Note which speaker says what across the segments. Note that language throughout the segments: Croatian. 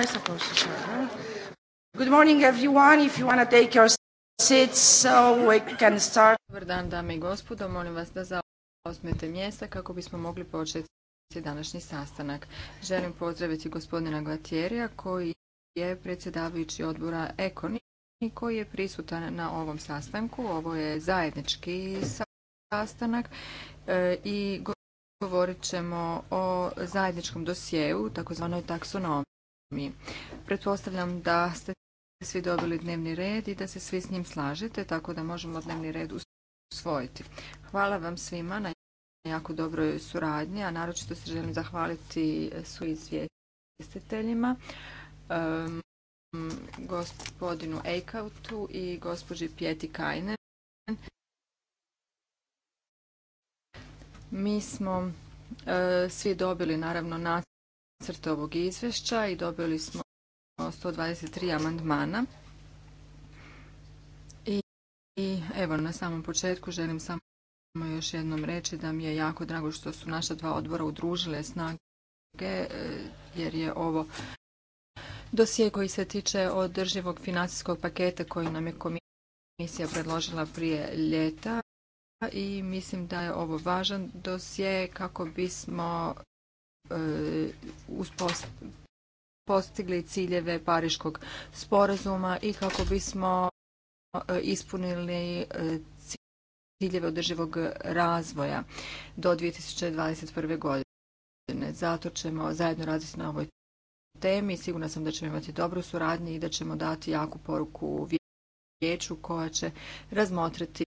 Speaker 1: I suppose Good morning everyone, if you want to take your seats so we can start. Dobar dan dame i gospodo, molim vas da zaosmete mjesta kako bismo mogli početi današnji sastanak. Želim pozdraviti gospodina Gvatjerija koji je predsjedavajući odbora Ekoni koji je prisutan na ovom sastanku. Ovo je zajednički sastanak e, i govorit ćemo o zajedničkom dosjeu, takozvanoj taksonomiji mi. Pretpostavljam da ste svi dobili dnevni red i da se svi s njim slažete, tako da možemo dnevni red usvojiti. Hvala vam svima na jako dobroj suradnji, a naročito se želim zahvaliti su izvjestiteljima, gospodinu Eikautu i gospođi Pjeti Kajne. Mi smo e, svi dobili naravno na crte ovog izvješća i dobili smo 123 amandmana. I, I evo na samom početku želim samo još jednom reći da mi je jako drago što su naša dva odbora udružile snage e, jer je ovo dosije koji se tiče održivog financijskog paketa koji nam je komisija predložila prije ljeta i mislim da je ovo važan dosije kako bismo E, postigli ciljeve Pariškog sporazuma i kako bismo e, ispunili e, ciljeve održivog razvoja do 2021. godine. Zato ćemo zajedno raditi na ovoj temi. Sigurna sam da ćemo imati dobru suradnju i da ćemo dati jaku poruku vijeću koja će razmotriti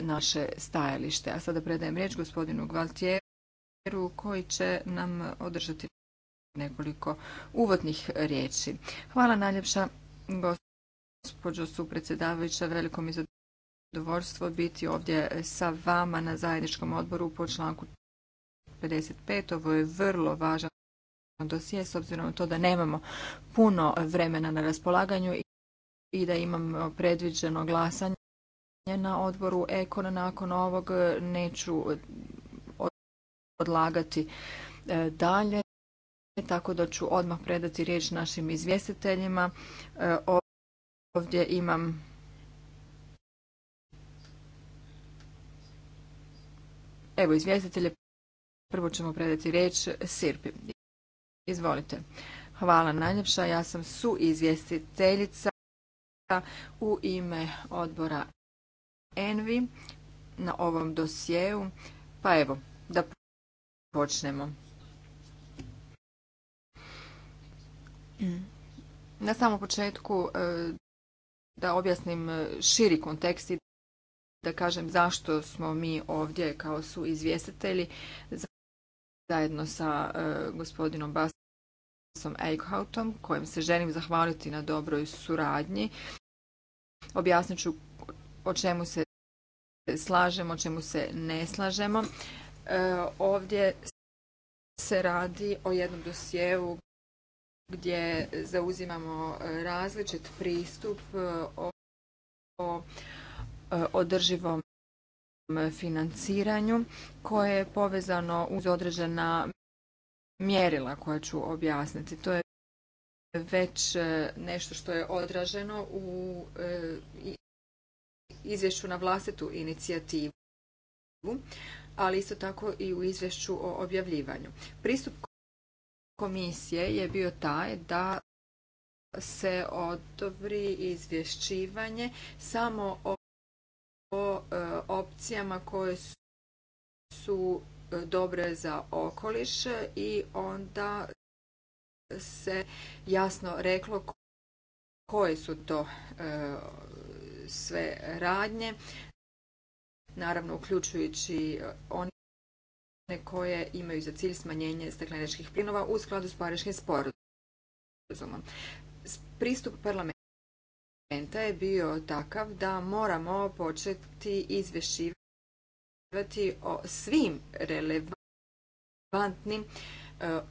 Speaker 1: naše stajalište. A sada predajem riječ gospodinu Gvaltijeru koji će nam održati nekoliko uvodnih riječi. Hvala najljepša gospođo su predsjedavajuća, veliko mi zadovoljstvo biti ovdje sa vama na zajedničkom odboru po članku 55. Ovo je vrlo važan dosije s obzirom na to da nemamo puno vremena na raspolaganju i da imamo predviđeno glasanje na odboru Ekona nakon ovog neću odlagati e, dalje, tako da ću odmah predati riječ našim izvjestiteljima. E, ovdje imam Evo izvjestitelje, prvo ćemo predati riječ Sirpi. Izvolite. Hvala najljepša, ja sam su izvjestiteljica u ime odbora Envi na ovom dosjeu. Pa evo, da počnemo. Na samom početku e, da objasnim e, širi kontekst i da kažem zašto smo mi ovdje kao su izvjestitelji zajedno sa e, gospodinom Basom Eichhautom kojem se želim zahvaliti na dobroj suradnji. Objasnit ću o čemu se slažemo, o čemu se ne slažemo. Ovdje se radi o jednom dosjeu gdje zauzimamo e, različit pristup e, o e, održivom financiranju koje je povezano uz određena mjerila koja ću objasniti. To je već nešto što je odraženo u izvješću na vlastitu inicijativu ali isto tako i u izvješću o objavljivanju. Pristup komisije je bio taj da se odobri izvješćivanje samo o, e, opcijama koje su, e, dobre za okoliš i onda se jasno reklo koje su to e, sve radnje naravno uključujući e, one koje imaju za cilj smanjenje stakleničkih plinova u skladu s Pariškim sporazumom. Pristup parlamenta je bio takav da moramo početi izvješćivati o svim relevantnim e,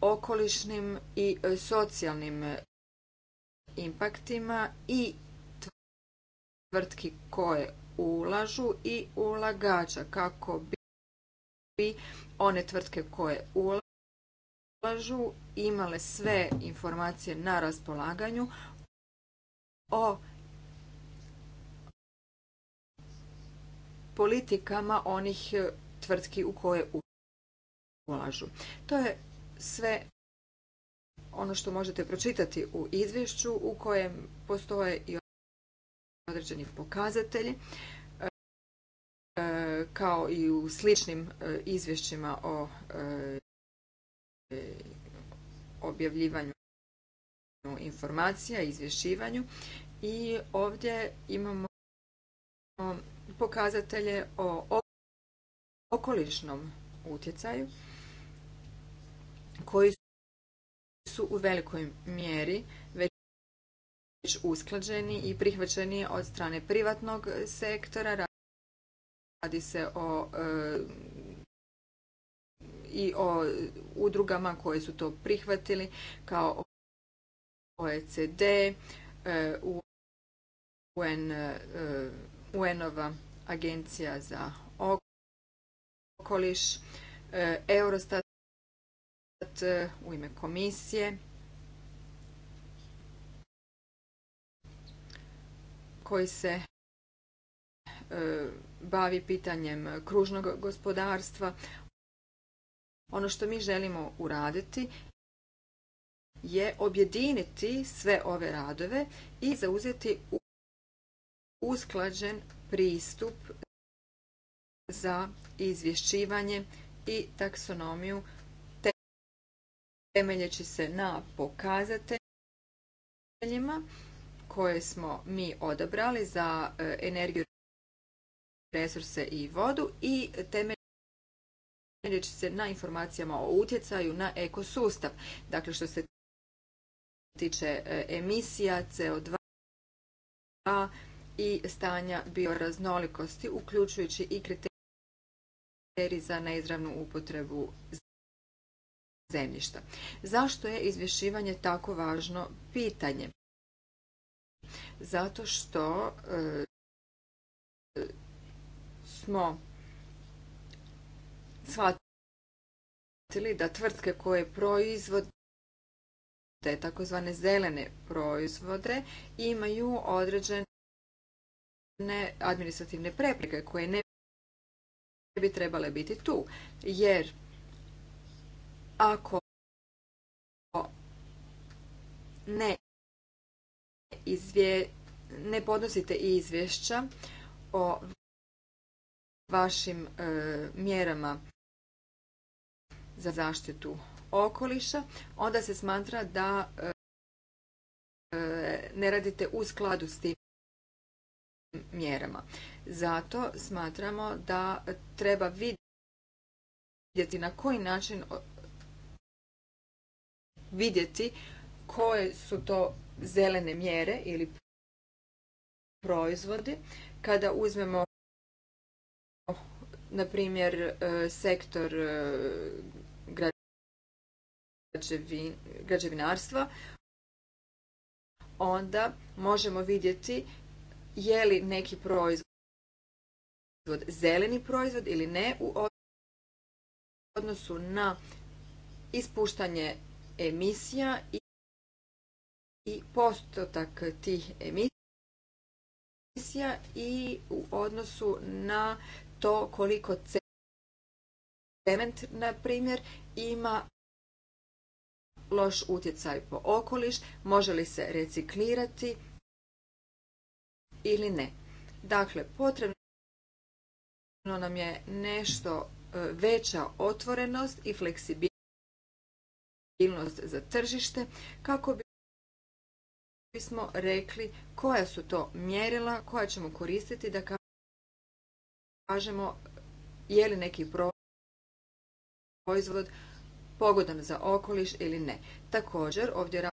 Speaker 1: okolišnim i socijalnim impaktima i tvrtki koje ulažu i ulagača kako bi one tvrtke koje ulažu imale sve informacije na raspolaganju o politikama onih tvrtki u koje ulažu. To je sve ono što možete pročitati u izvješću u kojem postoje i određeni pokazatelji e, kao i u sličnim e, izvješćima o e, objavljivanju informacija, izvješivanju i ovdje imamo pokazatelje o okolišnom utjecaju koji su u velikoj mjeri već usklađeni i prihvaćeni od strane privatnog sektora. Radi se o e, i o udrugama koje su to prihvatili kao OECD, e, UN, e, UN-ova agencija za okoliš, Eurostat u ime komisije koji se e, bavi pitanjem kružnog gospodarstva. Ono što mi želimo uraditi je objediniti sve ove radove i zauzeti usklađen pristup za izvješćivanje i taksonomiju temeljeći se na pokazateljima koje smo mi odabrali za e, energiju, resurse i vodu i temeljeći se na informacijama o utjecaju na ekosustav. Dakle, što se tiče e, emisija CO2 i stanja bioraznolikosti, uključujući i kriterije za neizravnu upotrebu zemljišta. Zašto je izvješivanje tako važno pitanje? Zato što e, smo shvatili da tvrtke koje proizvode takozvane zelene proizvode imaju određene administrativne prepreke koje ne bi trebale biti tu. Jer ako ne ne podnosite izvješća o vašim e, mjerama za zaštitu okoliša, onda se smatra da e, e, ne radite u skladu s tim mjerama. Zato smatramo da treba vidjeti na koji način vidjeti koje su to zelene mjere ili proizvodi. Kada uzmemo na primjer e, sektor e, građevinarstva, onda možemo vidjeti je li neki proizvod zeleni proizvod ili ne u odnosu na ispuštanje emisija i postotak tih emisija i u odnosu na to koliko cement, na primjer, ima loš utjecaj po okoliš, može li se reciklirati ili ne. Dakle, potrebno nam je nešto e, veća otvorenost i fleksibilnost za tržište kako bi smo rekli koja su to mjerila koja ćemo koristiti da kažemo je li neki proizvod pogodan za okoliš ili ne. Također ovdje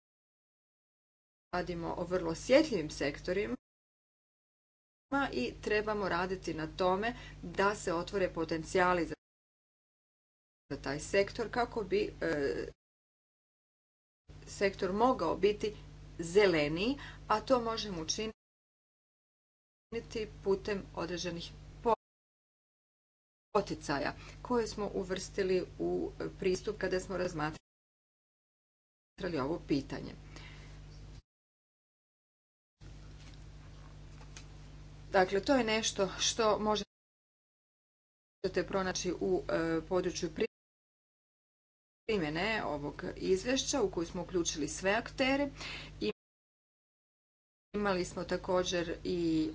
Speaker 1: radimo o vrlo osjetljivim sektorima i trebamo raditi na tome da se otvore potencijali za taj sektor kako bi e, sektor mogao biti zeleniji, a to možemo učiniti putem određenih poticaja koje smo uvrstili u pristup kada smo razmatrali ovo pitanje. Dakle, to je nešto što možete pronaći u e, području primjene ovog izvješća u koju smo uključili sve aktere. Imali smo također i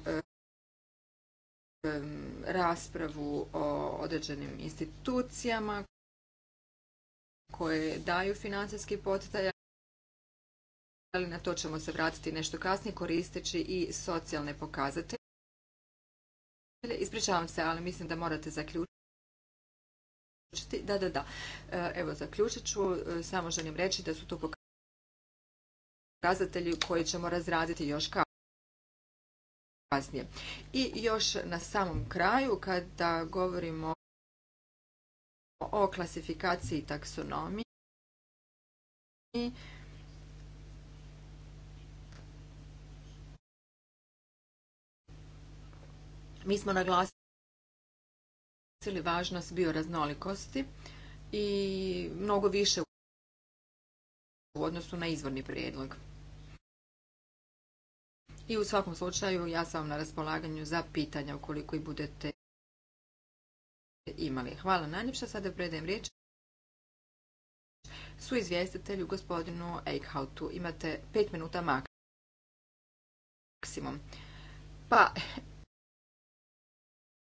Speaker 1: raspravu o određenim institucijama koje daju financijski poticaj, ali na to ćemo se vratiti nešto kasnije koristeći i socijalne pokazatelje. Ispričavam se, ali mislim da morate zaključiti da, da, da. E, evo, zaključit ću. E, samo želim reći da su to pokazatelji koji ćemo razraditi još kasnije. I još na samom kraju, kada govorimo o klasifikaciji taksonomije, mi smo naglasili ili važnost bioraznolikosti i mnogo više u odnosu na izvorni prijedlog. I u svakom slučaju ja sam vam na raspolaganju za pitanja ukoliko i budete imali. Hvala najljepša. Sada predajem riječ su izvjestitelju gospodinu Eichhautu. Imate pet minuta maksimum. Pa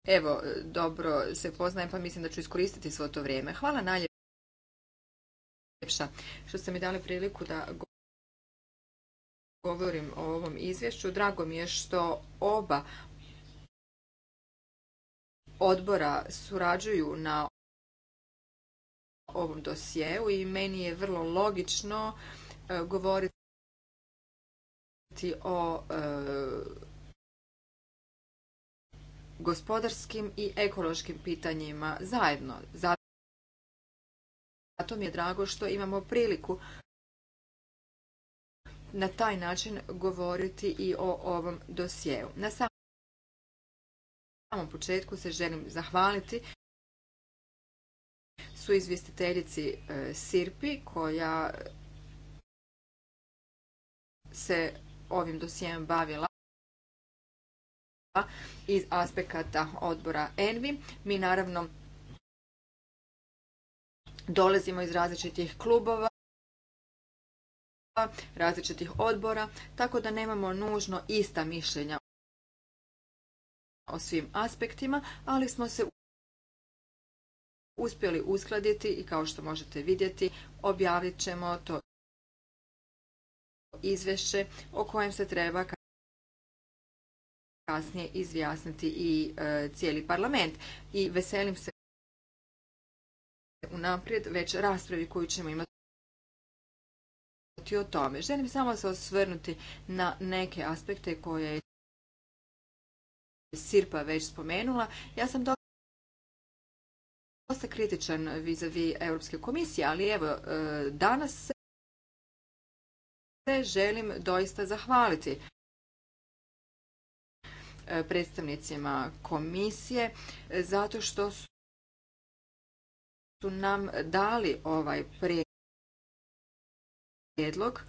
Speaker 1: Evo, dobro se poznajem, pa mislim da ću iskoristiti svo to vrijeme. Hvala najljepša što ste mi dali priliku da govorim o ovom izvješću. Drago mi je što oba odbora surađuju na ovom dosjeu i meni je vrlo logično e, govoriti o e, gospodarskim i ekološkim pitanjima zajedno. Zato mi je drago što imamo priliku na taj način govoriti i o ovom dosjeu. Na samom početku se želim zahvaliti su izvjestiteljici e, Sirpi koja se ovim dosijem bavila iz aspekata odbora Envi. Mi naravno dolazimo iz različitih klubova, različitih odbora, tako da nemamo nužno ista mišljenja o svim aspektima, ali smo se uspjeli uskladiti i kao što možete vidjeti objavit ćemo to izvješće o kojem se treba kasnije izjasniti i e, cijeli parlament. I veselim se unaprijed već raspravi koju ćemo imati o tome. Želim samo se osvrnuti na neke aspekte koje je Sirpa već spomenula. Ja sam dosta kritičan vis-a-vis Europske komisije, ali evo, e, danas se želim doista zahvaliti E, predstavnicima komisije e, zato što su nam dali ovaj prijedlog. E,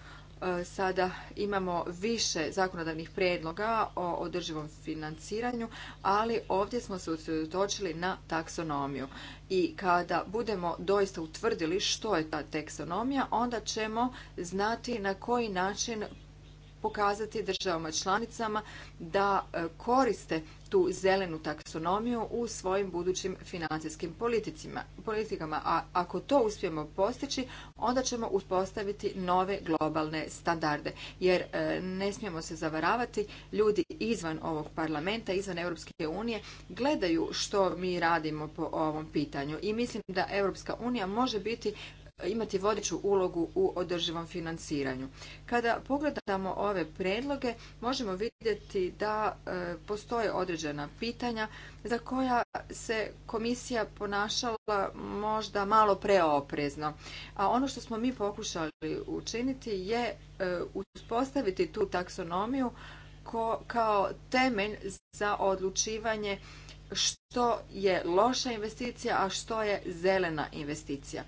Speaker 1: sada imamo više zakonodavnih predloga o održivom financiranju, ali ovdje smo se usredotočili na taksonomiju. I kada budemo doista utvrdili što je ta taksonomija, onda ćemo znati na koji način pokazati državama članicama da e, koriste tu zelenu taksonomiju u svojim budućim financijskim politikama. A ako to uspijemo postići, onda ćemo uspostaviti nove globalne standarde. Jer e, ne smijemo se zavaravati, ljudi izvan ovog parlamenta, izvan Europske unije, gledaju što mi radimo po ovom pitanju. I mislim da Europska unija može biti imati vodiču ulogu u održivom financiranju. Kada pogledamo ove predloge, možemo vidjeti da e, postoje određena pitanja za koja se komisija ponašala možda malo preoprezno. A ono što smo mi pokušali učiniti je e, uspostaviti tu taksonomiju kao temelj za odlučivanje što je loša investicija, a što je zelena investicija.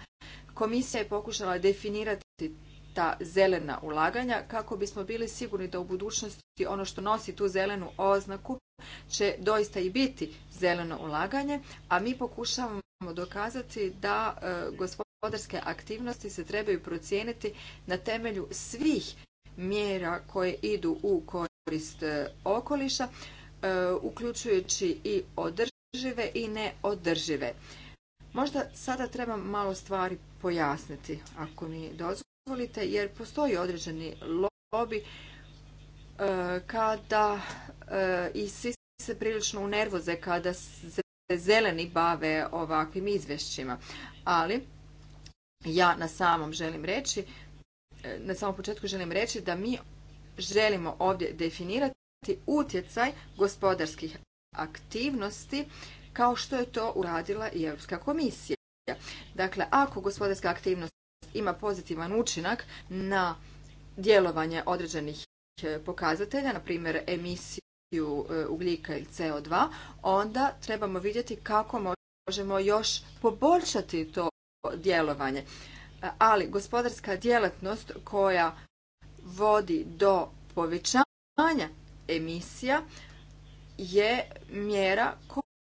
Speaker 1: Komisija je pokušala definirati ta zelena ulaganja kako bismo bili sigurni da u budućnosti ono što nosi tu zelenu oznaku će doista i biti zeleno ulaganje, a mi pokušavamo dokazati da e, gospodarske aktivnosti se trebaju procijeniti na temelju svih mjera koje idu u korist e, okoliša, e, uključujući i održive i neodržive. Možda sada trebam malo stvari pojasniti, ako mi dozvolite, jer postoji određeni lobby e, kada e, i svi se prilično unervoze kada se zeleni bave ovakvim izvješćima. Ali ja na samom želim reći, e, na samom početku želim reći da mi želimo ovdje definirati utjecaj gospodarskih aktivnosti kao što je to uradila i Europska komisija. Dakle, ako gospodarska aktivnost ima pozitivan učinak na djelovanje određenih e, pokazatelja, na primjer emisiju e, ugljika ili CO2, onda trebamo vidjeti kako možemo još poboljšati to djelovanje. E, ali gospodarska djelatnost koja vodi do povećanja emisija je mjera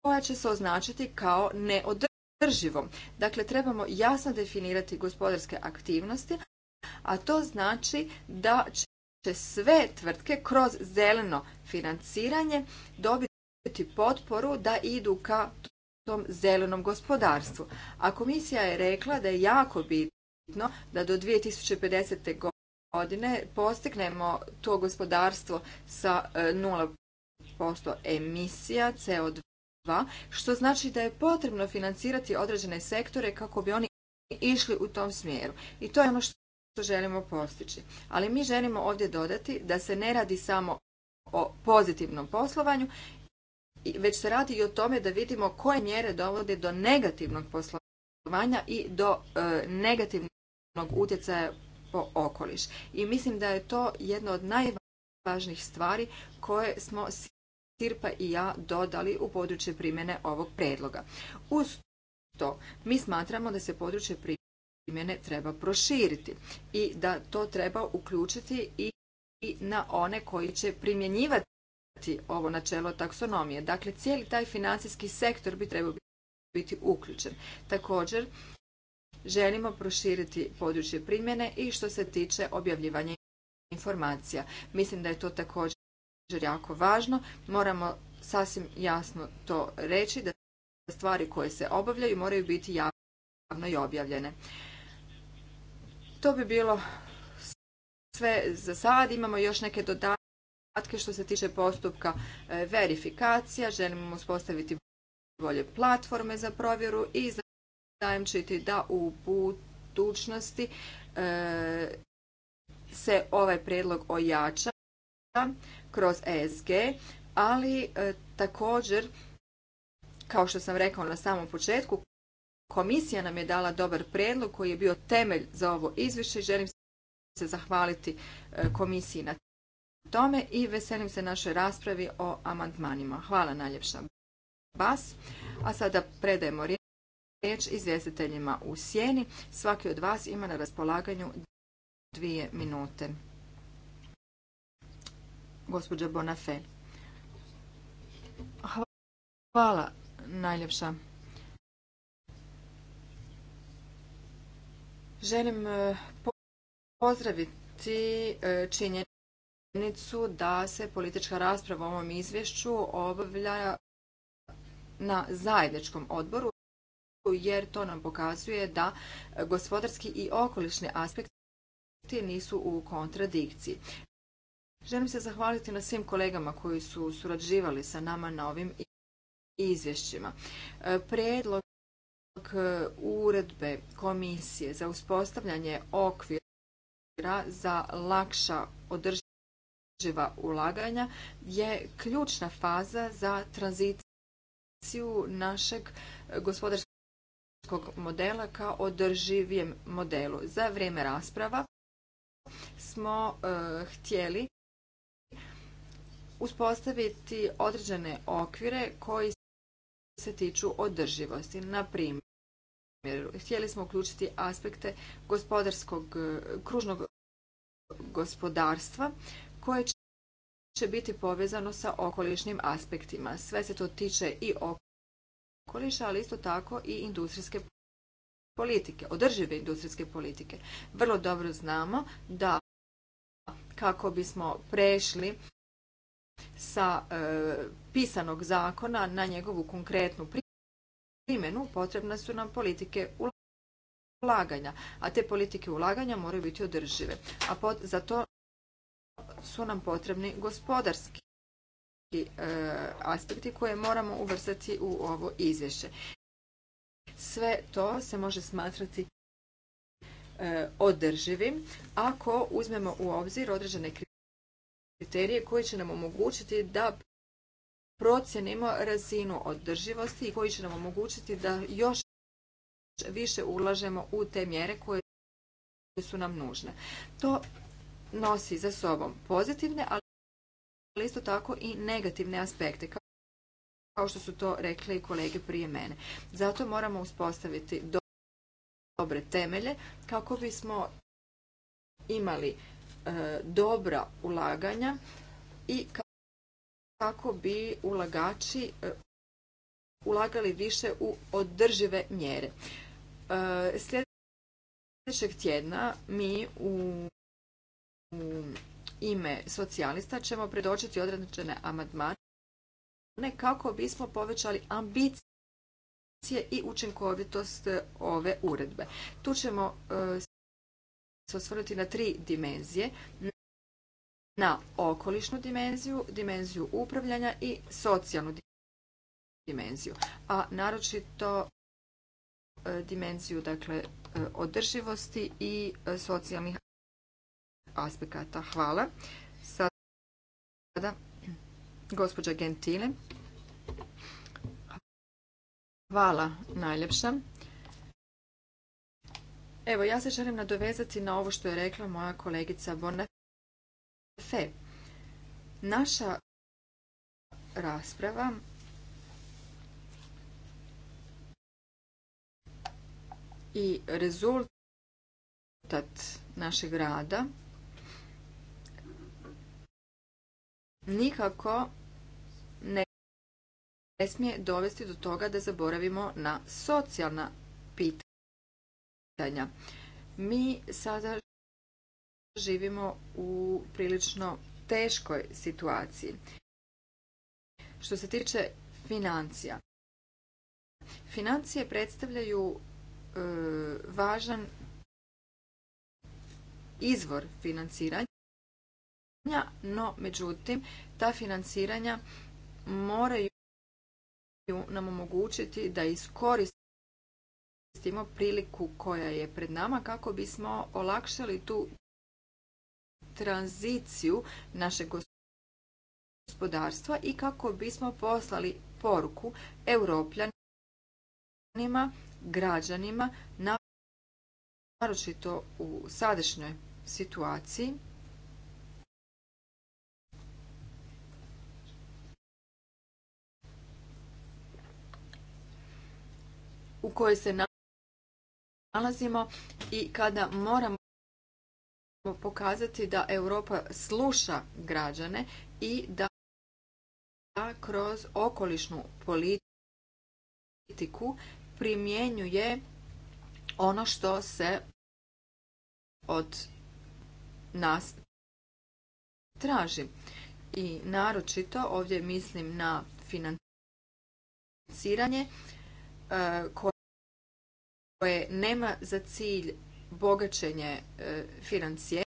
Speaker 1: koja će se označiti kao neodrživa održivom. Dakle, trebamo jasno definirati gospodarske aktivnosti, a to znači da će sve tvrtke kroz zeleno financiranje dobiti potporu da idu ka tom zelenom gospodarstvu. A komisija je rekla da je jako bitno da do 2050. godine postignemo to gospodarstvo sa 0% e, emisija CO2 što znači da je potrebno financirati određene sektore kako bi oni išli u tom smjeru. I to je ono što želimo postići. Ali mi želimo ovdje dodati da se ne radi samo o pozitivnom poslovanju, već se radi i o tome da vidimo koje mjere dovode do negativnog poslovanja i do e, negativnog utjecaja po okoliš. I mislim da je to jedna od najvažnijih stvari koje smo Sirpa i ja dodali u područje primjene ovog predloga. Uz to, mi smatramo da se područje primjene treba proširiti i da to treba uključiti i na one koji će primjenjivati ovo načelo taksonomije. Dakle, cijeli taj financijski sektor bi trebao biti uključen. Također, želimo proširiti područje primjene i što se tiče objavljivanja informacija. Mislim da je to također jako važno. Moramo sasvim jasno to reći da stvari koje se obavljaju moraju biti javno i objavljene. To bi bilo sve za sad. Imamo još neke dodatke što se tiče postupka e, verifikacija. Želimo uspostaviti bolje platforme za provjeru i čiti da u budućnosti e, se ovaj prijedlog ojača kroz ESG, ali e, također, kao što sam rekao na samom početku, komisija nam je dala dobar predlog koji je bio temelj za ovo izvješće i želim se zahvaliti e, komisiji na tome i veselim se našoj raspravi o amandmanima. Hvala najljepša vas. A sada predajemo riječ izvjestiteljima u sjeni. Svaki od vas ima na raspolaganju dvije minute gospođa Bonafé. Hvala najljepša. Želim e, pozdraviti e, činjenicu da se politička rasprava u ovom izvješću obavlja na zajedničkom odboru, jer to nam pokazuje da gospodarski i okolišni aspekti nisu u kontradikciji. Želim se zahvaliti na svim kolegama koji su surađivali sa nama na ovim izvješćima. E, prijedlog e, uredbe komisije za uspostavljanje okvira za lakša održiva ulaganja je ključna faza za tranziciju našeg gospodarskog modela ka održivijem modelu. Za vrijeme rasprava smo e, htjeli uspostaviti određene okvire koji se tiču održivosti. Na primjer, htjeli smo uključiti aspekte gospodarskog kružnog gospodarstva koje će biti povezano sa okolišnim aspektima. Sve se to tiče i okoliša, ali isto tako i industrijske politike, održive industrijske politike. Vrlo dobro znamo da kako bismo prešli sa e, pisanog zakona na njegovu konkretnu primjenu potrebne su nam politike ulaganja, a te politike ulaganja moraju biti održive. A za to su nam potrebni gospodarski e, aspekti koje moramo uvrstati u ovo izvješće. Sve to se može smatrati e, održivim ako uzmemo u obzir određene kriterije koji će nam omogućiti da procjenimo razinu održivosti i koji će nam omogućiti da još više ulažemo u te mjere koje su nam nužne. To nosi za sobom pozitivne, ali isto tako i negativne aspekte, kao što su to rekli i kolege prije mene. Zato moramo uspostaviti dobre temelje kako bismo imali E, dobra ulaganja i kako bi ulagači e, ulagali više u održive mjere. E, sljedećeg tjedna mi u ime socijalista ćemo predočiti određene amadmane kako bismo povećali ambicije i učinkovitost ove uredbe. Tu ćemo se osvrnuti na tri dimenzije. Na okolišnu dimenziju, dimenziju upravljanja i socijalnu dimenziju. A naročito e, dimenziju dakle, e, održivosti i e, socijalnih aspekata. Hvala. Sada gospođa Gentile. Hvala najljepša. Evo, ja se želim nadovezati na ovo što je rekla moja kolegica Bonafé. Naša rasprava i rezultat našeg rada nikako ne smije dovesti do toga da zaboravimo na socijalna pitanja mi sada živimo u prilično teškoj situaciji. Što se tiče financija, financije predstavljaju e, važan izvor financiranja, no međutim ta financiranja moraju nam omogućiti da iskoristimo iskoristimo priliku koja je pred nama kako bismo olakšali tu tranziciju našeg gospodarstva i kako bismo poslali poruku europljanima, građanima, naročito u sadašnjoj situaciji, u kojoj se nalazimo i kada moramo pokazati da Europa sluša građane i da kroz okolišnu politiku primjenjuje ono što se od nas traži. I naročito ovdje mislim na financiranje e, koje koje nema za cilj bogaćenje e, financijera,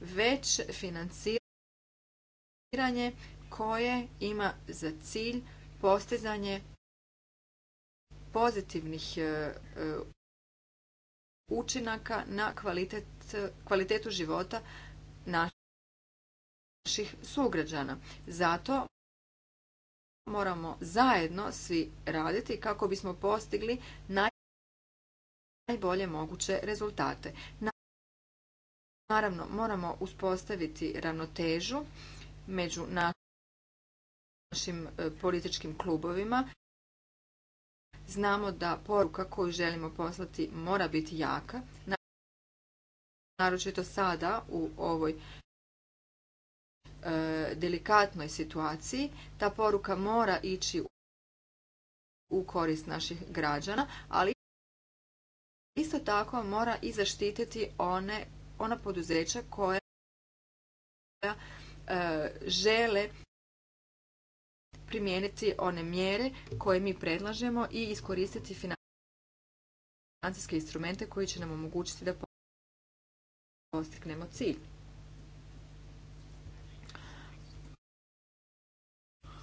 Speaker 1: već financiranje koje ima za cilj postizanje pozitivnih e, e, učinaka na kvalitetu života naših sugrađana. Zato moramo zajedno svi raditi kako bismo postigli najbolje moguće rezultate. Naravno, moramo uspostaviti ravnotežu među našim e, političkim klubovima. Znamo da poruka koju želimo poslati mora biti jaka, naročito sada u ovoj E, delikatnoj situaciji. Ta poruka mora ići u korist naših građana, ali isto tako mora i zaštititi one, ona poduzeća koja e, žele primijeniti one mjere koje mi predlažemo i iskoristiti financijske instrumente koji će nam omogućiti da postignemo cilj.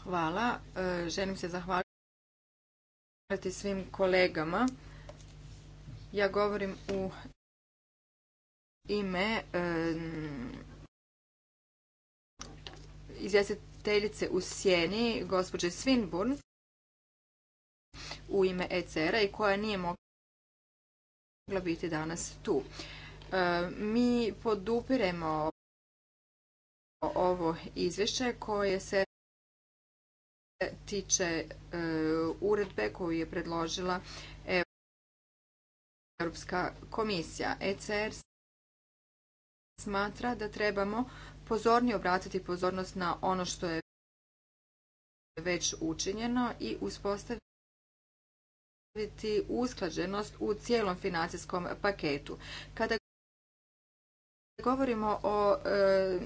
Speaker 1: Hvala. E, želim se zahvaliti svim kolegama. Ja govorim u ime e, izvjestiteljice u sjeni, gospođe Svinburn, u ime ECR-a i koja nije mogla biti danas tu. E, mi podupiremo ovo izvješće koje se tiče e, uredbe koju je predložila Europska komisija. ECR smatra da trebamo pozornije obratiti pozornost na ono što je već učinjeno i uspostaviti usklađenost u cijelom financijskom paketu. Kada govorimo o e,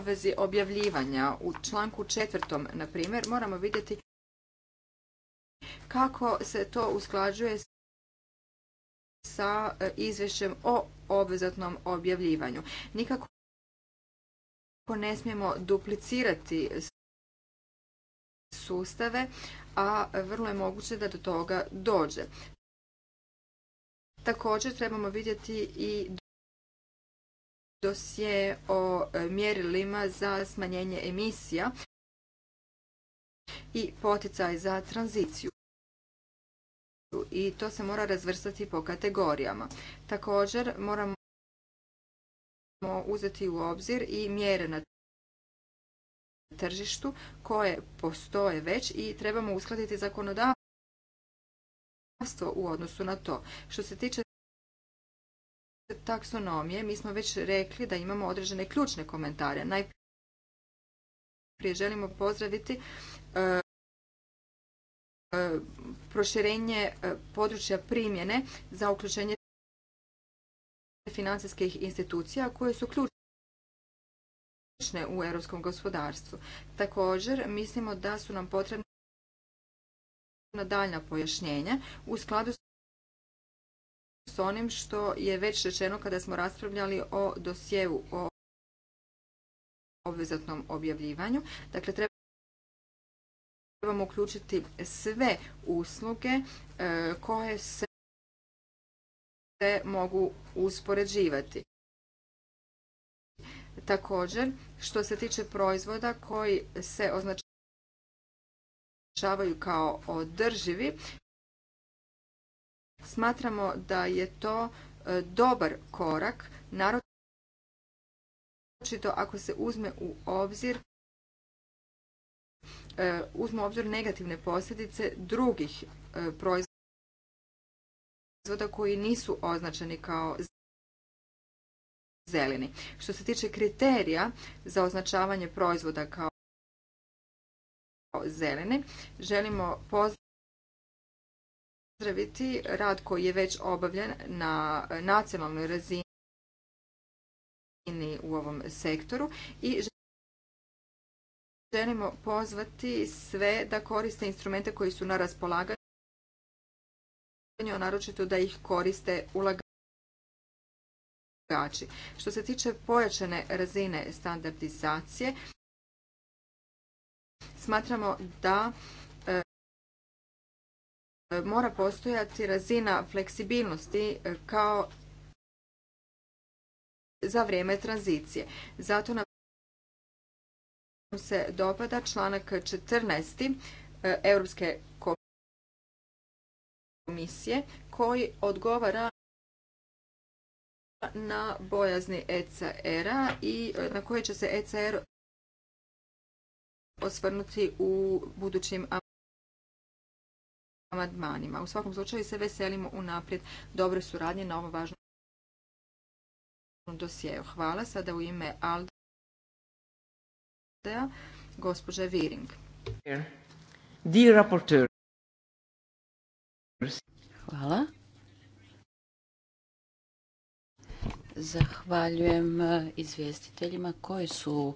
Speaker 1: obvezi objavljivanja. U članku četvrtom, na primjer, moramo vidjeti kako se to usklađuje sa e, izvješćem o obvezatnom objavljivanju. Nikako ne smijemo duplicirati sustave, a vrlo je moguće da do toga dođe. Također trebamo vidjeti i dosje o e, mjerilima za smanjenje emisija i poticaj za tranziciju i to se mora razvrstati po kategorijama. Također moramo uzeti u obzir i mjere na tržištu koje postoje već i trebamo uskladiti zakonodavstvo u odnosu na to. Što se tiče taksonomije mi smo već rekli da imamo određene ključne komentare. Najprije želimo pozdraviti e, e, proširenje e, područja primjene za uključenje financijskih institucija koje su ključne u europskom gospodarstvu. Također, mislimo da su nam potrebna daljna pojašnjenja u skladu s onim što je već rečeno kada smo raspravljali o dosjevu o obvezatnom objavljivanju. Dakle, trebamo uključiti sve usluge e, koje se mogu uspoređivati. Također, što se tiče proizvoda koji se označavaju kao održivi, Smatramo da je to e, dobar korak, naročito ako se uzme u obzir e, uzme u obzir negativne posljedice drugih e, proizvoda koji nisu označeni kao zeleni. Što se tiče kriterija za označavanje proizvoda kao zeleni, želimo pozdraviti rad koji je već obavljen na nacionalnoj razini u ovom sektoru i želimo pozvati sve da koriste instrumente koji su na raspolaganju, naročito da ih koriste ulagači. Što se tiče pojačane razine standardizacije, smatramo da E, mora postojati razina fleksibilnosti e, kao za vrijeme tranzicije. Zato nam se dopada članak 14. E, Europske komisije koji odgovara na bojazni ECR-a i na koje će se ECR osvrnuti u budućim amandmanima. U svakom slučaju se veselimo unaprijed dobre suradnje na ovom važnom dosijeju. Hvala. Sada u ime Aldeja, gospođe Viring. Hvala.
Speaker 2: Zahvaljujem e, izvjestiteljima koji su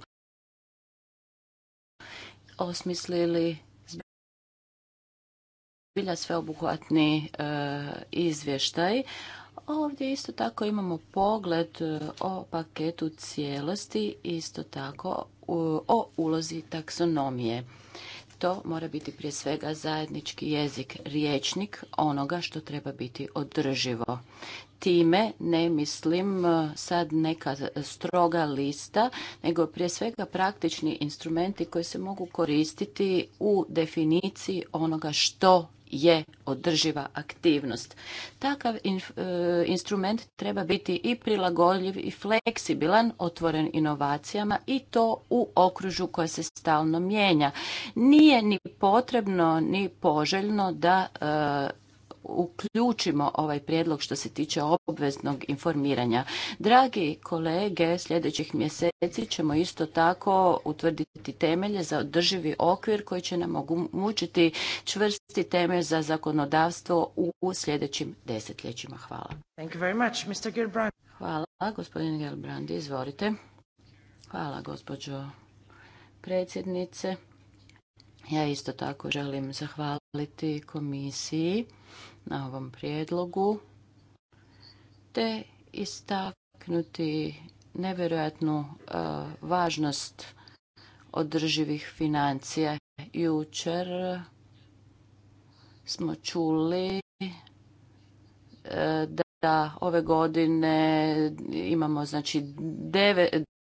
Speaker 2: osmislili bilja sveobuhvatni e, izvještaj. Ovdje isto tako imamo pogled e, o paketu cijelosti, isto tako o ulozi taksonomije. To mora biti prije svega zajednički jezik, riječnik onoga što treba biti održivo. Time ne mislim e, sad neka stroga lista, nego prije svega praktični instrumenti koji se mogu koristiti u definiciji onoga što je održiva aktivnost. Takav e, instrument treba biti i prilagodljiv i fleksibilan, otvoren inovacijama i to u okružu koje se stalno mijenja. Nije ni potrebno ni poželjno da e, uključimo ovaj prijedlog što se tiče obveznog informiranja. Dragi kolege, sljedećih mjeseci ćemo isto tako utvrditi temelje za održivi okvir koji će nam omogućiti čvrsti temelj za zakonodavstvo u sljedećim desetljećima. Hvala. Thank you Hvala, gospodin Gelbrandi, izvolite. Hvala, gospođo predsjednice. Ja isto tako želim zahvaliti komisiji na ovom prijedlogu te istaknuti nevjerojatnu e, važnost održivih financija. Jučer smo čuli e, da, ove godine imamo znači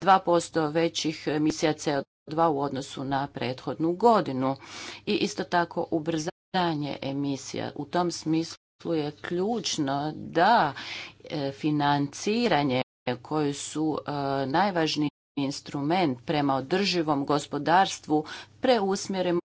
Speaker 2: dva 2% većih emisija CO2 u odnosu na prethodnu godinu. I isto tako ubrzanje danje emisija. U tom smislu je ključno da e, financiranje koje su e, najvažniji instrument prema održivom gospodarstvu preusmjerimo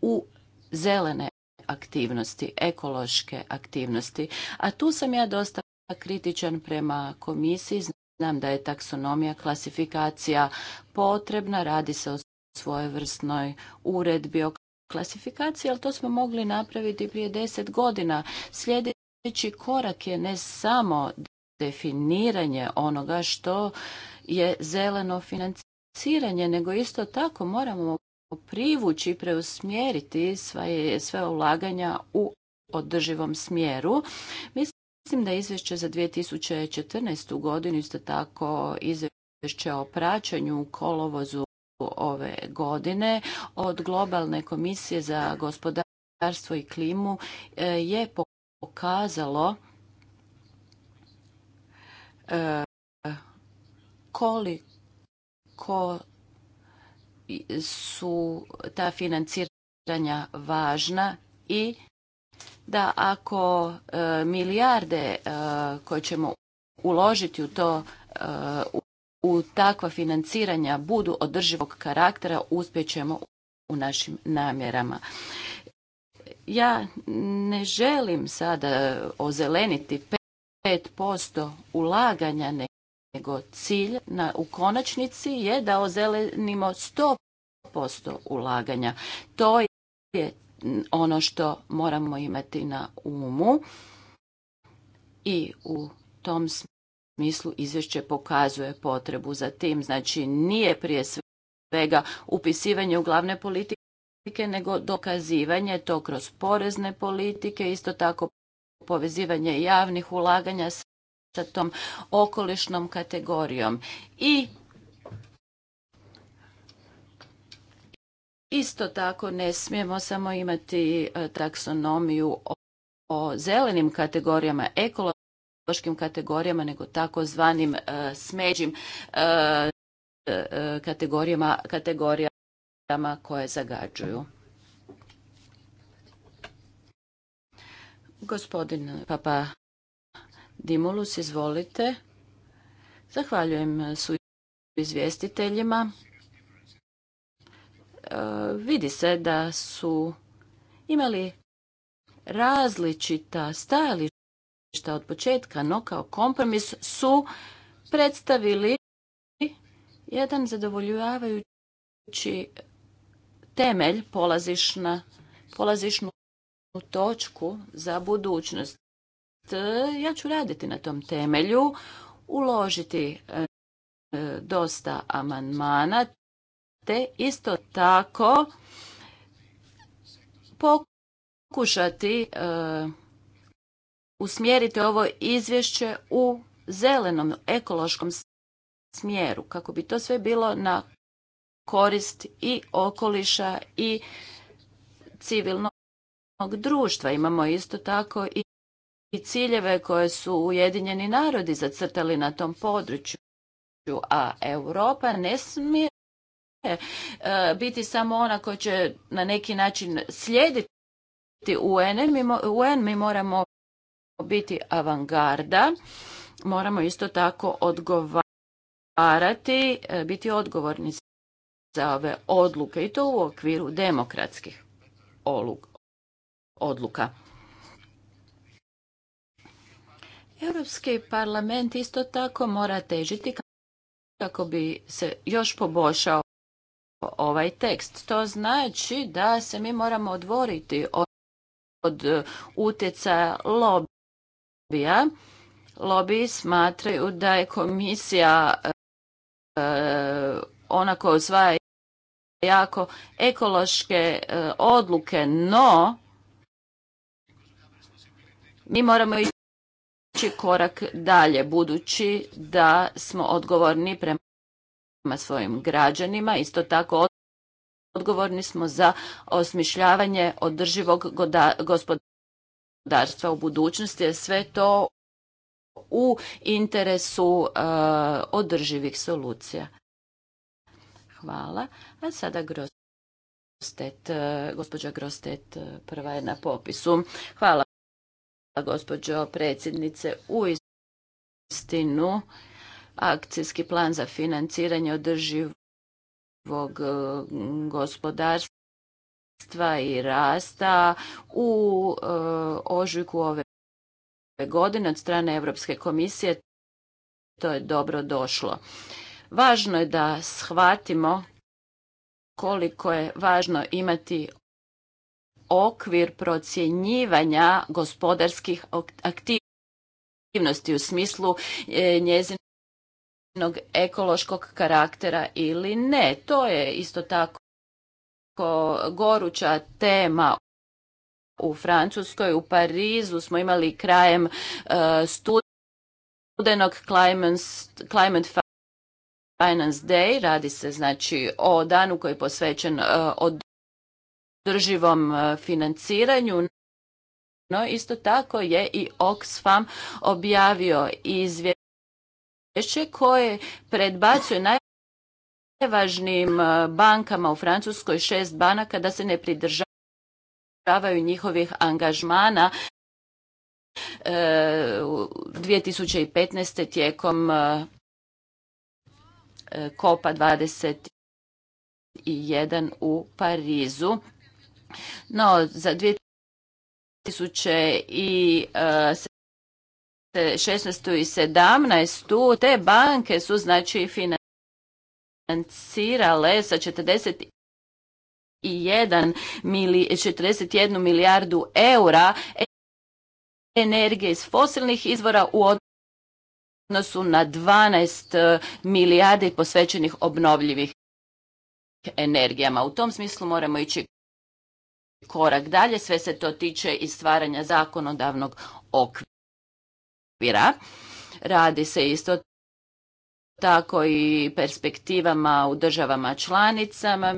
Speaker 2: u zelene aktivnosti, ekološke aktivnosti. A tu sam ja dosta kritičan prema komisiji. Znam da je taksonomija, klasifikacija potrebna. Radi se o svojevrsnoj uredbi o klasifikacije, ali to smo mogli napraviti prije deset godina. Sljedeći korak je ne samo definiranje onoga što je zeleno financiranje, nego isto tako moramo privući i preusmjeriti sve, sve ulaganja u održivom smjeru. Mislim da je izvješće za 2014. godinu isto tako izvješće o praćanju, u kolovozu ove godine od globalne komisije za gospodarstvo i klimu e, je pokazalo e, koliko su ta financiranja važna i da ako e, milijarde koje ćemo uložiti u to u takva financiranja budu održivog karaktera, ćemo u našim namjerama. Ja ne želim sada ozeleniti 5% ulaganja nego cilj na, u konačnici je da ozelenimo 100% ulaganja. To je ono što moramo imati na umu i u tom smislu smislu izvješće pokazuje potrebu za tim. Znači nije prije svega upisivanje u glavne politike, nego dokazivanje to kroz porezne politike, isto tako povezivanje javnih ulaganja sa tom okolišnom kategorijom. I Isto tako ne smijemo samo imati e, taksonomiju o zelenim kategorijama, ekoloških, kategorijama, nego takozvanim e, smeđim e, e, kategorijama, kategorijama koje zagađuju. Gospodin Papa Dimulus, izvolite. Zahvaljujem su izvjestiteljima. vidi se da su imali različita stajališta šta od početka, no kao kompromis su predstavili jedan zadovoljavajući temelj polazišna, polazišnu točku za budućnost. Ja ću raditi na tom temelju, uložiti e, dosta amandmana, te isto tako pokušati e, usmjeriti ovo izvješće u zelenom ekološkom smjeru kako bi to sve bilo na korist i okoliša i civilnog društva. Imamo isto tako i ciljeve koje su Ujedinjeni narodi zacrtali na tom području, a Europa ne smije e, biti samo ona koja će na neki način slijediti UN, UN, mi moramo biti avangarda, moramo isto tako odgovarati, e, biti odgovorni za ove odluke i to u okviru demokratskih odluka. Europski parlament isto tako mora težiti kako bi se još poboljšao ovaj tekst. To znači da se mi moramo odvoriti od utjecaja lobby lobija. Lobiji smatraju da je komisija e, ona koja osvaja jako ekološke e, odluke, no mi moramo ići korak dalje, budući da smo odgovorni prema svojim građanima, isto tako odgovorni smo za osmišljavanje održivog gospodarstva gospodarstva u budućnosti je sve to u interesu e, održivih solucija. Hvala. A sada Grostet, e, gospođa Grostet e, prva je na popisu. Hvala gospođo predsjednice. U istinu akcijski plan za financiranje održivog gospodarstva i rasta u eh, ožujku ove godine od strane Europske komisije. To je dobro došlo. Važno je da shvatimo koliko je važno imati okvir procjenjivanja gospodarskih aktivnosti u smislu eh, njezinog ekološkog karaktera ili ne. To je isto tako goruća tema u Francuskoj, u Parizu smo imali krajem e, studenog Climate Finance Day, radi se znači o danu koji je posvećen e, održivom e, financiranju. No, isto tako je i Oxfam objavio izvješće koje predbacuje najbolje najvažnijim e, bankama u Francuskoj, šest banaka, da se ne pridržavaju njihovih angažmana 2015. E, tijekom e, Kopa 21 u Parizu. No, za 2016. i 2017. te banke su znači financirane financirale sa 40 41 milijardu eura energije iz fosilnih izvora u odnosu na 12 eh, milijardi posvećenih obnovljivih energijama. U tom smislu moramo ići korak dalje. Sve se to tiče i stvaranja zakonodavnog okvira. Radi se isto tako i perspektivama u državama članicama.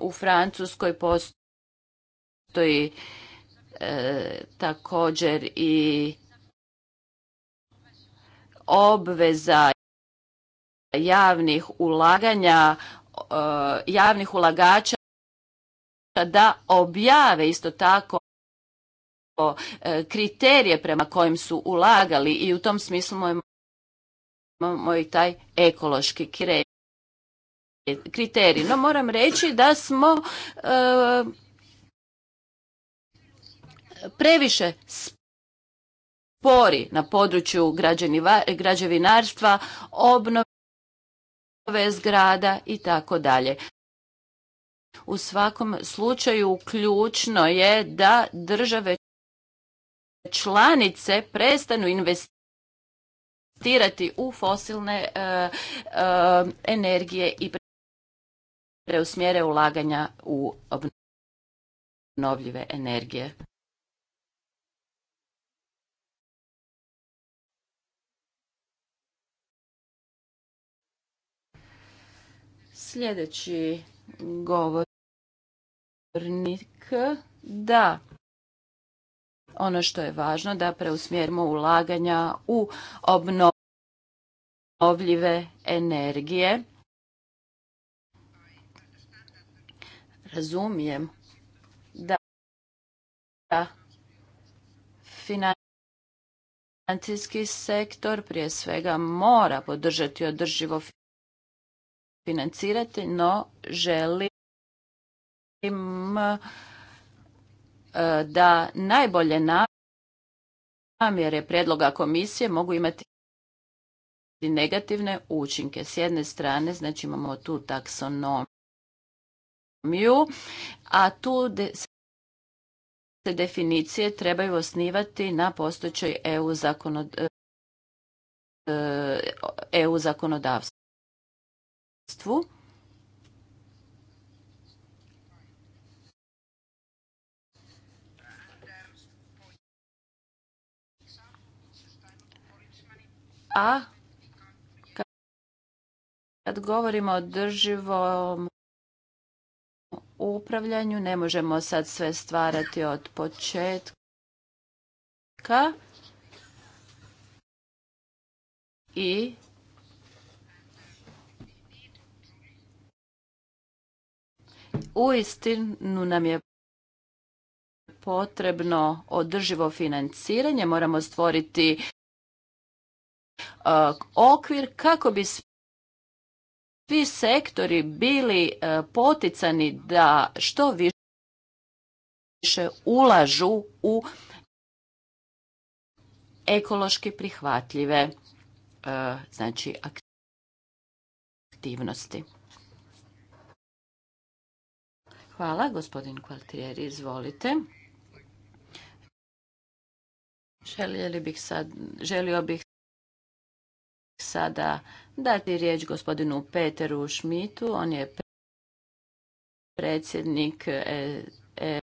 Speaker 2: U Francuskoj postoji e, također i obveza javnih ulaganja, e, javnih ulagača da objave isto tako e, kriterije prema kojim su ulagali i u tom smislu imamo i taj ekološki kriterij. No moram reći da smo e, previše spori na području građevinarstva, obnove zgrada i tako dalje. U svakom slučaju ključno je da države članice prestanu investirati investirati u fosilne e, e, energije i preusmjere ulaganja
Speaker 1: u obnovljive energije. Sljedeći
Speaker 2: govornik da ono što je važno da preusmjerimo ulaganja u obnovljive energije. Razumijem da financijski sektor prije svega mora podržati održivo financirati, no želim E, da najbolje namjere predloga komisije mogu imati negativne učinke. S jedne strane, znači imamo tu taksonomiju, a tu se definicije trebaju osnivati na postojećoj EU, e, e, EU
Speaker 1: zakonodavstvu. a
Speaker 2: kad govorimo o drživom upravljanju, ne možemo sad sve stvarati od početka i u istinu nam je potrebno održivo financiranje, moramo stvoriti E, okvir kako bi svi sektori bili e, poticani da što više ulažu u ekološki prihvatljive e, znači
Speaker 1: aktivnosti.
Speaker 2: Hvala, gospodin Kvaltieri, izvolite. Želio bih želio bih sada dati riječ gospodinu Peteru Šmitu. On je predsjednik e, e,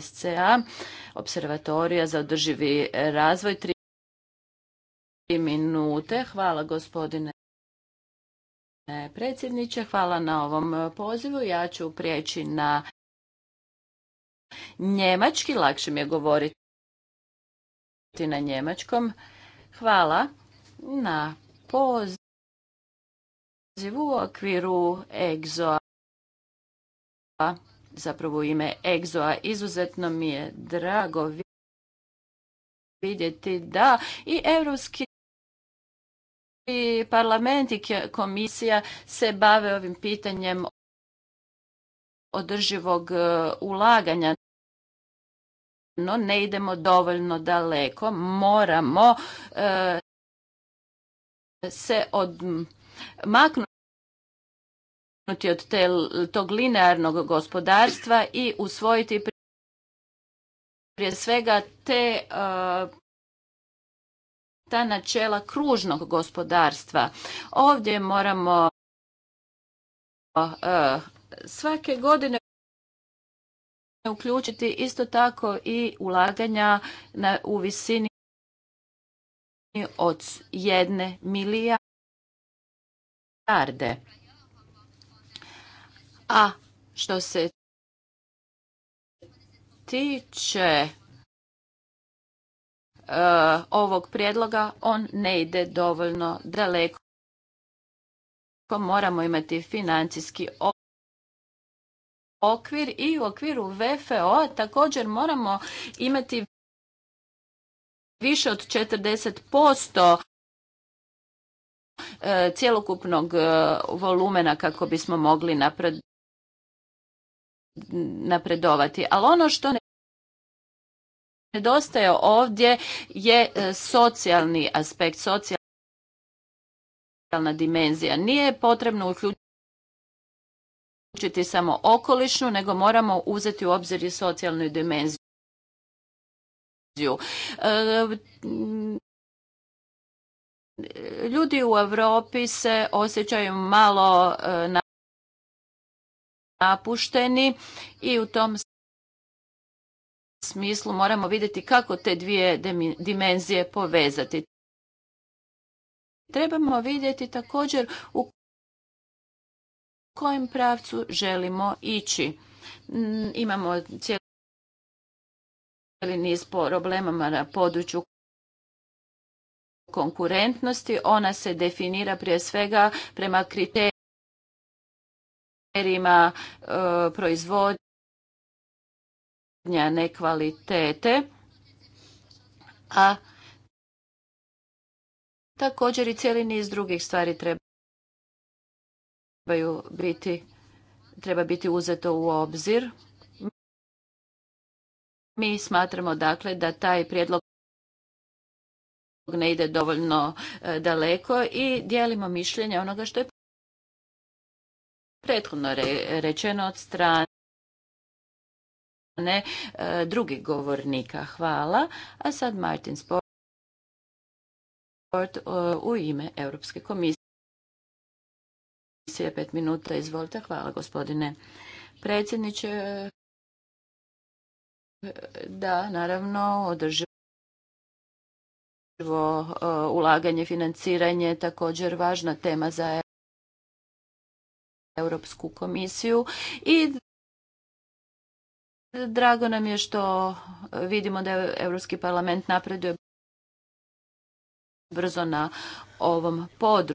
Speaker 2: SCA, Observatorija za održivi razvoj. Tri minute. Hvala gospodine predsjedniče. Hvala na ovom pozivu. Ja ću prijeći na njemački. Lakše mi je govoriti na njemačkom. Hvala na pozivu u okviru EGZO-a. Zapravo ime egzo izuzetno mi je drago vidjeti da i Evropski parlament i komisija se bave ovim pitanjem održivog e, ulaganja no ne idemo dovoljno daleko moramo e, se od maknuti od tog linearnog gospodarstva i usvojiti prije svega te e, ta načela kružnog gospodarstva. Ovdje moramo e, svake godine uključiti isto tako i ulaganja na, u visini od jedne milijarde. A što se tiče e, ovog prijedloga, on ne ide dovoljno daleko. Moramo imati financijski okvir i u okviru VFO također moramo imati više od 40% e, cjelokupnog e, volumena kako bismo mogli napredovati. Ali ono što nedostaje ovdje je e, socijalni aspekt, socijalna dimenzija. Nije potrebno uključiti samo okolišnu, nego moramo uzeti u obzir i socijalnu dimenziju. E, ljudi u Europi se osjećaju malo e, napušteni i u tom smislu moramo vidjeti kako te dvije dimenzije povezati. Trebamo vidjeti također u kojem pravcu želimo ići. Imamo cijeli cijeli niz problema na području konkurentnosti. Ona se definira prije svega prema kriterijima e, proizvodnja nekvalitete, a također i cijeli niz drugih stvari trebaju biti, treba biti uzeto u obzir. Mi smatramo dakle da taj prijedlog ne ide dovoljno e, daleko i dijelimo mišljenje onoga što je prethodno rečeno od strane ne drugih govornika. Hvala. A sad Martin Sport e, u ime Europske komisije. Pet minuta, izvolite. Hvala gospodine predsjedniče. Da, naravno, održivo uh, ulaganje, financiranje je također važna tema za Europsku komisiju i drago nam je što vidimo da je Europski parlament napreduje brzo na ovom području.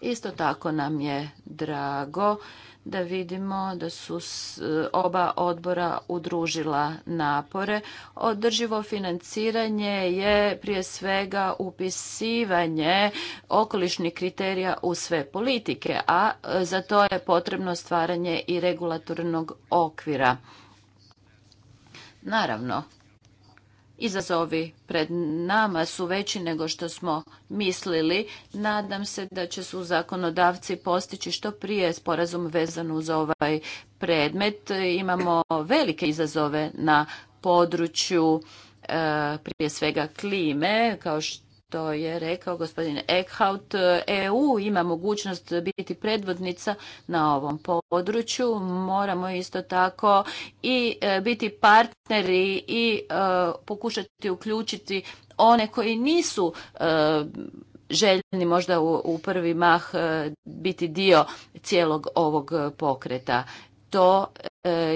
Speaker 2: Isto tako nam je drago da vidimo da su oba odbora udružila napore. Održivo financiranje je prije svega upisivanje okolišnih kriterija u sve politike, a e, za to je potrebno stvaranje i regulatornog okvira. Naravno, Izazovi pred nama su veći nego što smo mislili. Nadam se da će su zakonodavci postići što prije sporazum vezan uz ovaj predmet. Imamo velike izazove na području e, prije svega klime, kao što to je rekao gospodin Eckhout, EU ima mogućnost biti predvodnica na ovom području. Moramo isto tako i e, biti partneri i e, pokušati uključiti one koji nisu e, željni možda u prvi mah biti dio cijelog ovog pokreta. To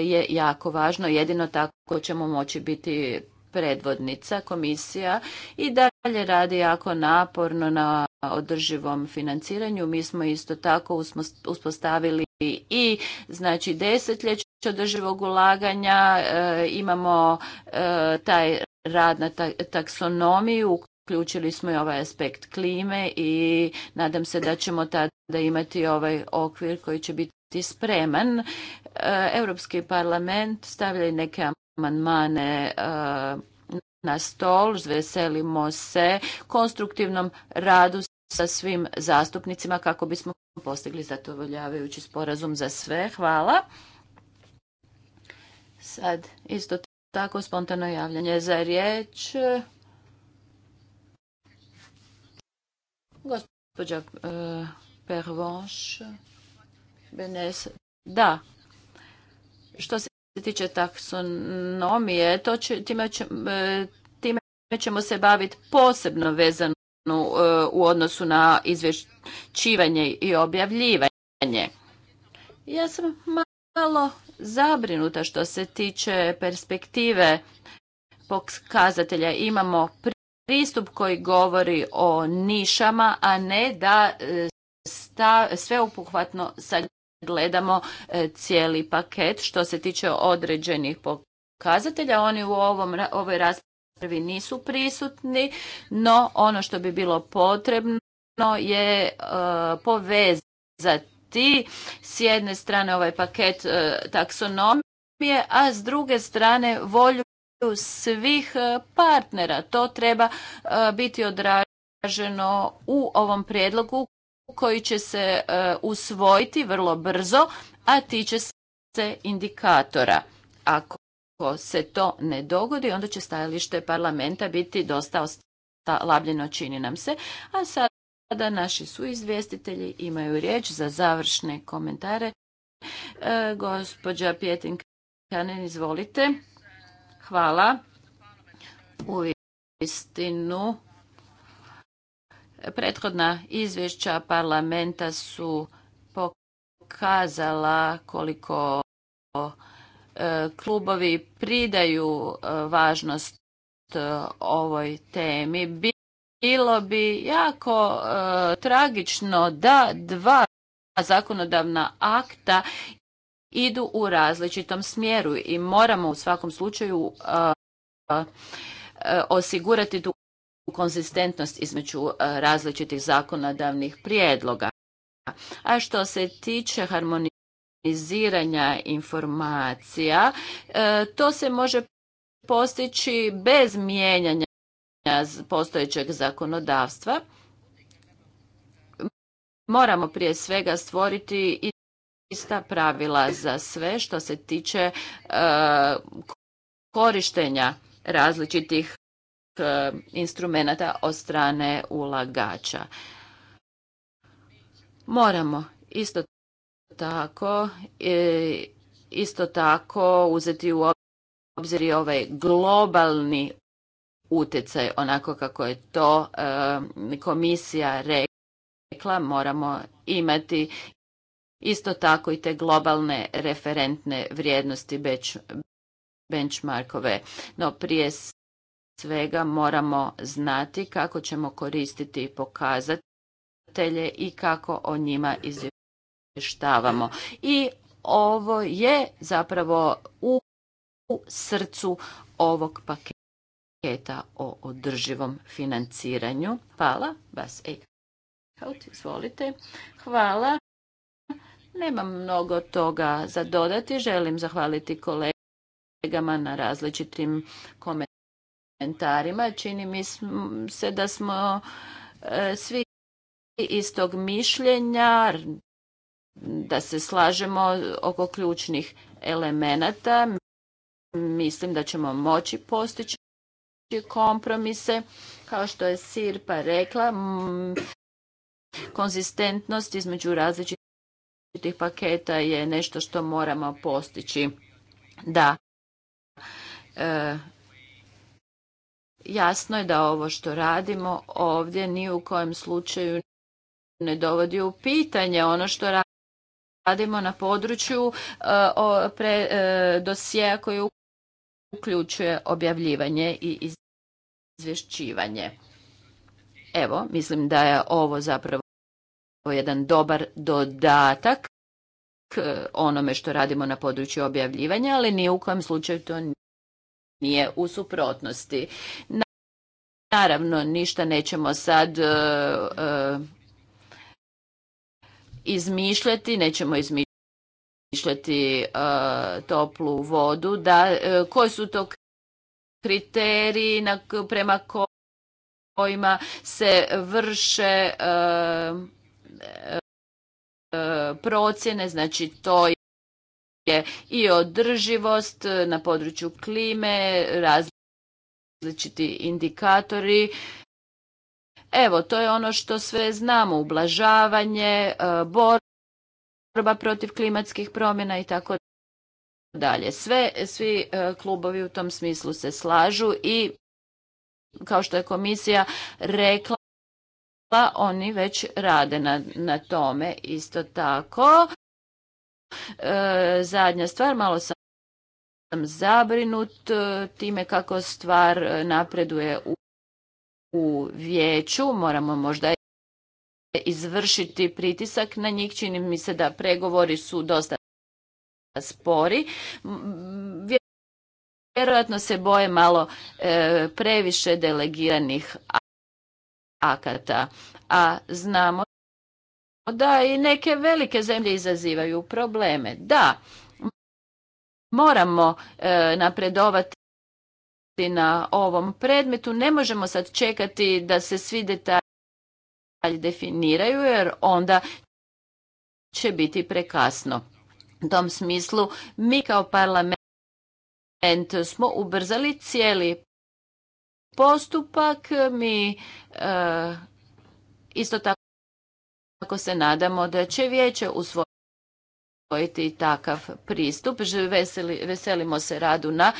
Speaker 2: je jako važno, jedino tako ćemo moći biti predvodnica komisija i dalje radi jako naporno na održivom financiranju. Mi smo isto tako uspostavili i znači desetljeće održivog ulaganja, e, imamo e, taj rad na taksonomiju uključili smo i ovaj aspekt klime i nadam se da ćemo tada imati ovaj okvir koji će biti spreman E, Europski parlament stavlja i neke amandmane e, na stol. Veselimo se konstruktivnom radu sa svim zastupnicima kako bismo postigli zadovoljavajući sporazum za sve. Hvala. Sad isto tako spontano javljanje za riječ. Gospođa e, Pervonš. Benes. Da, što se tiče taksonomije, to e, time, ćemo se baviti posebno vezano e, u odnosu na izvješćivanje i objavljivanje. Ja sam malo zabrinuta što se tiče perspektive pokazatelja. Imamo pristup koji govori o nišama, a ne da e, sve upuhvatno gledamo e, cijeli paket što se tiče određenih pokazatelja. Oni u ovom, ovoj raspravi nisu prisutni, no ono što bi bilo potrebno je e, povezati s jedne strane ovaj paket e, taksonomije, a s druge strane volju svih partnera. To treba biti odraženo u ovom prijedlogu koji će se e, usvojiti vrlo brzo, a tiče se indikatora. Ako se to ne dogodi, onda će stajalište parlamenta biti dosta ostalabljeno, čini nam se. A sada naši su izvjestitelji imaju riječ za završne komentare. E, gospođa Pjetin Kanen, izvolite. Hvala. U istinu Prethodna izvješća parlamenta su pokazala koliko e, klubovi pridaju e, važnost e, ovoj temi. Bilo bi jako tragično da dva zakonodavna akta idu u različitom smjeru i moramo u svakom slučaju osigurati tu konzistentnost između e, različitih zakonodavnih prijedloga. A što se tiče harmoniziranja informacija, e, to se može postići bez mijenjanja postojećeg zakonodavstva. Moramo prije svega stvoriti ista pravila za sve što se tiče e, korištenja različitih E, instrumenta od strane ulagača. Moramo isto tako e, isto tako uzeti u obzir i ovaj globalni utjecaj onako kako je to e, komisija rekla moramo imati isto tako i te globalne referentne vrijednosti benchmarkove no prije svega moramo znati kako ćemo koristiti i pokazatelje i kako o njima izvještavamo. I ovo je zapravo u srcu ovog paketa o održivom financiranju. Hvala vas. Izvolite. Hvala. Nemam mnogo toga za dodati. Želim zahvaliti kolegama na različitim komentarima komentarima. Čini mi se da smo e, svi istog mišljenja, da se slažemo oko ključnih elemenata. Mislim da ćemo moći postići kompromise. Kao što je Sirpa rekla, konzistentnost između različitih paketa je nešto što moramo postići. Da, e, jasno je da ovo što radimo ovdje ni u kojem slučaju ne dovodi u pitanje ono što radimo na području e, e, dosjea koji uključuje objavljivanje i izvješćivanje. Evo, mislim da je ovo zapravo jedan dobar dodatak e, onome što radimo na području objavljivanja, ali ni u kojem slučaju to nije u suprotnosti. Naravno, ništa nećemo sad e, e, izmišljati, nećemo izmišljati e, toplu vodu. koji su to kriteriji prema kojima se vrše procjene, znači to i održivost na području klime, različiti indikatori. Evo, to je ono što sve znamo, ublažavanje, e, borba protiv klimatskih promjena i tako dalje. Sve, svi e, klubovi u tom smislu se slažu i kao što je komisija rekla, oni već rade na tome isto tako. E, zadnja stvar, malo sam zabrinut e, time kako stvar napreduje u, vijeću. Moramo možda izvršiti pritisak na njih. Čini mi se da pregovori su dosta spori. Vjerojatno se boje malo e, previše delegiranih akata. A znamo da i neke velike zemlje izazivaju probleme. Da, moramo e, napredovati na ovom predmetu. Ne možemo sad čekati da se svi detalji definiraju jer onda će biti prekasno. U tom smislu mi kao parlament smo ubrzali cijeli postupak. Mi e, isto tako ako se nadamo da će vijeće usvojiti takav pristup, veselimo se radu na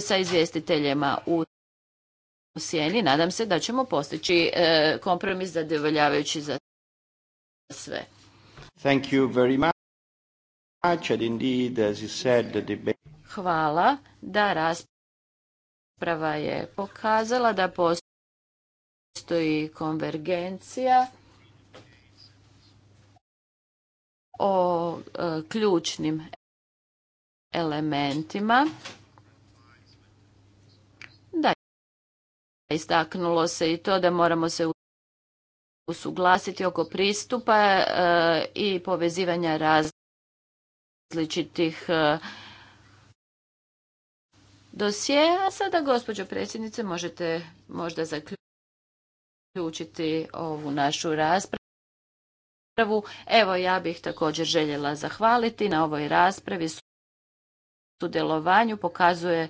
Speaker 2: sa izvjestiteljima u sjeni. Nadam se da ćemo postići e, kompromis zadovoljavajući za sve.
Speaker 1: Thank you very much.
Speaker 2: Hvala da rasprava je pokazala da postoji postoji konvergencija o e, ključnim elementima. Da, istaknulo se i to da moramo se usuglasiti oko pristupa e, i povezivanja različitih e, dosije. A sada, gospođo predsjednice, možete možda zaključiti zaključiti ovu našu raspravu. Evo ja bih također željela zahvaliti na ovoj raspravi sudjelovanju. Pokazuje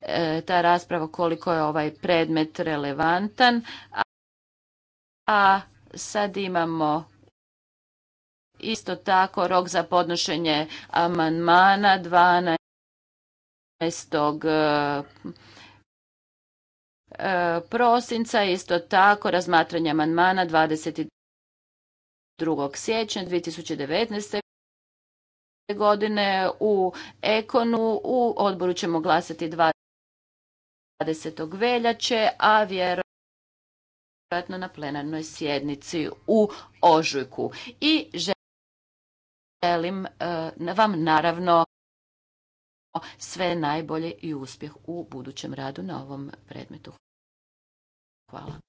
Speaker 2: e, ta rasprava koliko je ovaj predmet relevantan. A, sad imamo isto tako rok za podnošenje amandmana 12 prosinca, isto tako razmatranje manmana 22. siječnja 2019 godine u Ekonu. U odboru ćemo glasati 20. veljače, a vjerojatno na plenarnoj sjednici u Ožujku. I želim e, vam naravno sve najbolje i uspjeh u budućem radu na ovom predmetu. Hvala.